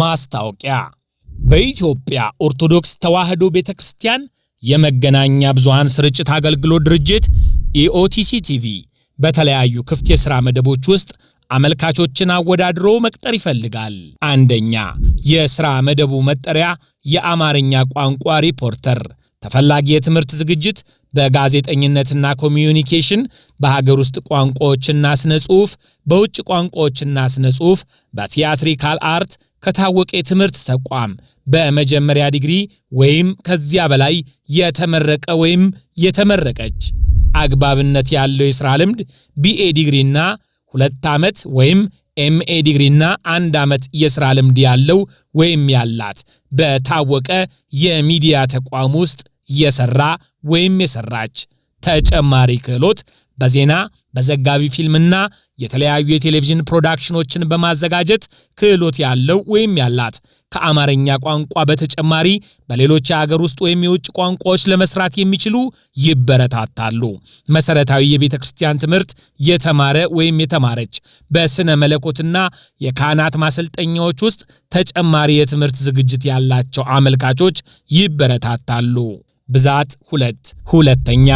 ማስታወቂያ በኢትዮጵያ ኦርቶዶክስ ተዋሕዶ ቤተ ክርስቲያን የመገናኛ ብዙሃን ስርጭት አገልግሎት ድርጅት ኢኦቲሲ ቲቪ በተለያዩ ክፍት የሥራ መደቦች ውስጥ አመልካቾችን አወዳድሮ መቅጠር ይፈልጋል። አንደኛ የሥራ መደቡ መጠሪያ የአማርኛ ቋንቋ ሪፖርተር፣ ተፈላጊ የትምህርት ዝግጅት በጋዜጠኝነትና ኮሚዩኒኬሽን፣ በሀገር ውስጥ ቋንቋዎችና ስነ ጽሑፍ፣ በውጭ ቋንቋዎችና ስነ ጽሑፍ፣ በቲያትሪካል አርት ከታወቀ የትምህርት ተቋም በመጀመሪያ ዲግሪ ወይም ከዚያ በላይ የተመረቀ ወይም የተመረቀች አግባብነት ያለው የሥራ ልምድ ቢኤ ዲግሪና ሁለት ዓመት ወይም ኤምኤ ዲግሪና አንድ ዓመት የሥራ ልምድ ያለው ወይም ያላት በታወቀ የሚዲያ ተቋም ውስጥ የሰራ ወይም የሰራች ተጨማሪ ክህሎት በዜና በዘጋቢ ፊልምና የተለያዩ የቴሌቪዥን ፕሮዳክሽኖችን በማዘጋጀት ክህሎት ያለው ወይም ያላት ከአማርኛ ቋንቋ በተጨማሪ በሌሎች የሀገር ውስጥ ወይም የውጭ ቋንቋዎች ለመስራት የሚችሉ ይበረታታሉ። መሰረታዊ የቤተ ክርስቲያን ትምህርት የተማረ ወይም የተማረች በስነ መለኮትና የካህናት ማሰልጠኛዎች ውስጥ ተጨማሪ የትምህርት ዝግጅት ያላቸው አመልካቾች ይበረታታሉ። ብዛት ሁለት ሁለተኛ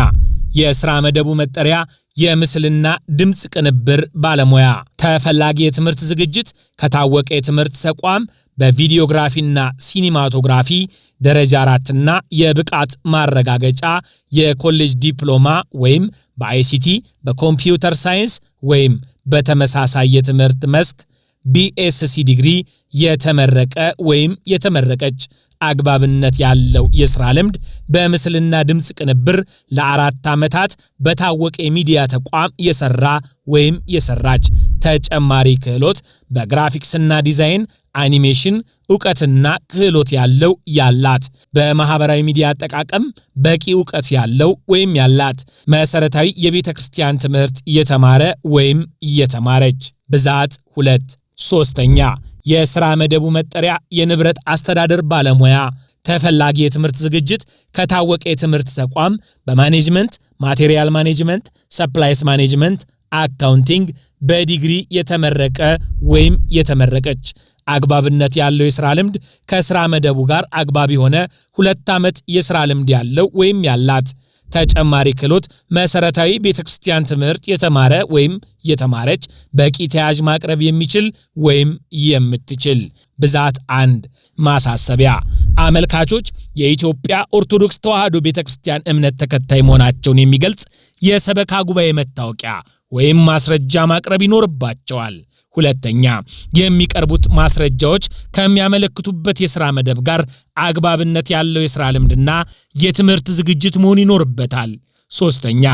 የስራ መደቡ መጠሪያ የምስልና ድምፅ ቅንብር ባለሙያ ተፈላጊ የትምህርት ዝግጅት ከታወቀ የትምህርት ተቋም በቪዲዮግራፊና ሲኒማቶግራፊ ደረጃ አራትና የብቃት ማረጋገጫ የኮሌጅ ዲፕሎማ ወይም በአይሲቲ በኮምፒውተር ሳይንስ ወይም በተመሳሳይ የትምህርት መስክ ቢኤስሲ ዲግሪ የተመረቀ ወይም የተመረቀች አግባብነት ያለው የሥራ ልምድ በምስልና ድምፅ ቅንብር ለአራት ዓመታት በታወቀ የሚዲያ ተቋም የሠራ ወይም የሠራች ተጨማሪ ክህሎት በግራፊክስና ዲዛይን አኒሜሽን እውቀትና ክህሎት ያለው ያላት በማህበራዊ ሚዲያ አጠቃቀም በቂ እውቀት ያለው ወይም ያላት መሰረታዊ የቤተ ክርስቲያን ትምህርት የተማረ ወይም የተማረች ብዛት ሁለት ሶስተኛ የስራ መደቡ መጠሪያ የንብረት አስተዳደር ባለሙያ ተፈላጊ የትምህርት ዝግጅት ከታወቀ የትምህርት ተቋም በማኔጅመንት፣ ማቴሪያል ማኔጅመንት፣ ሰፕላይስ ማኔጅመንት፣ አካውንቲንግ በዲግሪ የተመረቀ ወይም የተመረቀች አግባብነት ያለው የስራ ልምድ ከስራ መደቡ ጋር አግባብ የሆነ ሁለት ዓመት የስራ ልምድ ያለው ወይም ያላት ተጨማሪ ክህሎት፣ መሰረታዊ ቤተ ክርስቲያን ትምህርት የተማረ ወይም የተማረች፣ በቂ ተያዥ ማቅረብ የሚችል ወይም የምትችል። ብዛት አንድ ማሳሰቢያ አመልካቾች የኢትዮጵያ ኦርቶዶክስ ተዋህዶ ቤተ ክርስቲያን እምነት ተከታይ መሆናቸውን የሚገልጽ የሰበካ ጉባኤ መታወቂያ ወይም ማስረጃ ማቅረብ ይኖርባቸዋል። ሁለተኛ የሚቀርቡት ማስረጃዎች ከሚያመለክቱበት የስራ መደብ ጋር አግባብነት ያለው የስራ ልምድና የትምህርት ዝግጅት መሆን ይኖርበታል። ሶስተኛ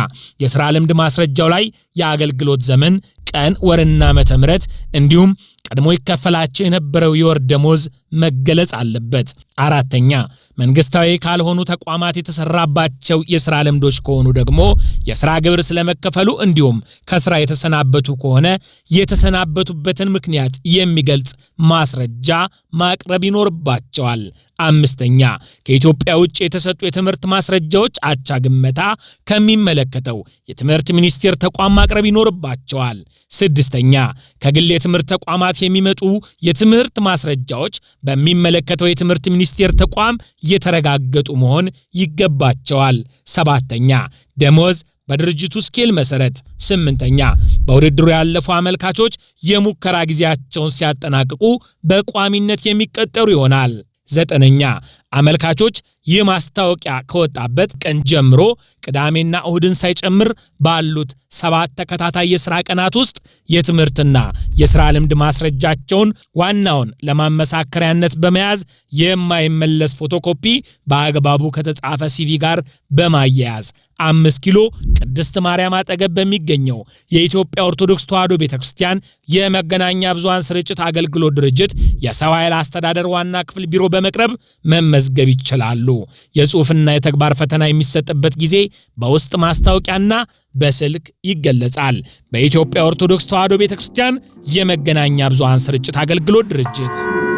የስራ ልምድ ማስረጃው ላይ የአገልግሎት ዘመን፣ ቀን፣ ወርና ዓመተ ምህረት እንዲሁም ቀድሞ ይከፈላቸው የነበረው የወር ደሞዝ መገለጽ አለበት። አራተኛ መንግስታዊ ካልሆኑ ተቋማት የተሰራባቸው የስራ ልምዶች ከሆኑ ደግሞ የስራ ግብር ስለመከፈሉ እንዲሁም ከስራ የተሰናበቱ ከሆነ የተሰናበቱበትን ምክንያት የሚገልጽ ማስረጃ ማቅረብ ይኖርባቸዋል። አምስተኛ ከኢትዮጵያ ውጭ የተሰጡ የትምህርት ማስረጃዎች አቻ ግመታ ከሚመለከተው የትምህርት ሚኒስቴር ተቋም ማቅረብ ይኖርባቸዋል። ስድስተኛ ከግል የትምህርት ተቋማት የሚመጡ የትምህርት ማስረጃዎች በሚመለከተው የትምህርት ሚኒስቴር ተቋም የተረጋገጡ መሆን ይገባቸዋል። ሰባተኛ ደሞዝ በድርጅቱ ስኬል መሰረት። ስምንተኛ በውድድሩ ያለፉ አመልካቾች የሙከራ ጊዜያቸውን ሲያጠናቅቁ በቋሚነት የሚቀጠሩ ይሆናል። ዘጠነኛ አመልካቾች ይህ ማስታወቂያ ከወጣበት ቀን ጀምሮ ቅዳሜና እሁድን ሳይጨምር ባሉት ሰባት ተከታታይ የሥራ ቀናት ውስጥ የትምህርትና የሥራ ልምድ ማስረጃቸውን ዋናውን ለማመሳከሪያነት በመያዝ የማይመለስ ፎቶኮፒ በአግባቡ ከተጻፈ ሲቪ ጋር በማያያዝ አምስት ኪሎ ቅድስት ማርያም አጠገብ በሚገኘው የኢትዮጵያ ኦርቶዶክስ ተዋሕዶ ቤተ ክርስቲያን የመገናኛ ብዙሃን ስርጭት አገልግሎት ድርጅት የሰው ኃይል አስተዳደር ዋና ክፍል ቢሮ በመቅረብ መመዘ መመዝገብ ይችላሉ። የጽሑፍና የተግባር ፈተና የሚሰጥበት ጊዜ በውስጥ ማስታወቂያና በስልክ ይገለጻል። በኢትዮጵያ ኦርቶዶክስ ተዋሕዶ ቤተ ክርስቲያን የመገናኛ ብዙሃን ስርጭት አገልግሎት ድርጅት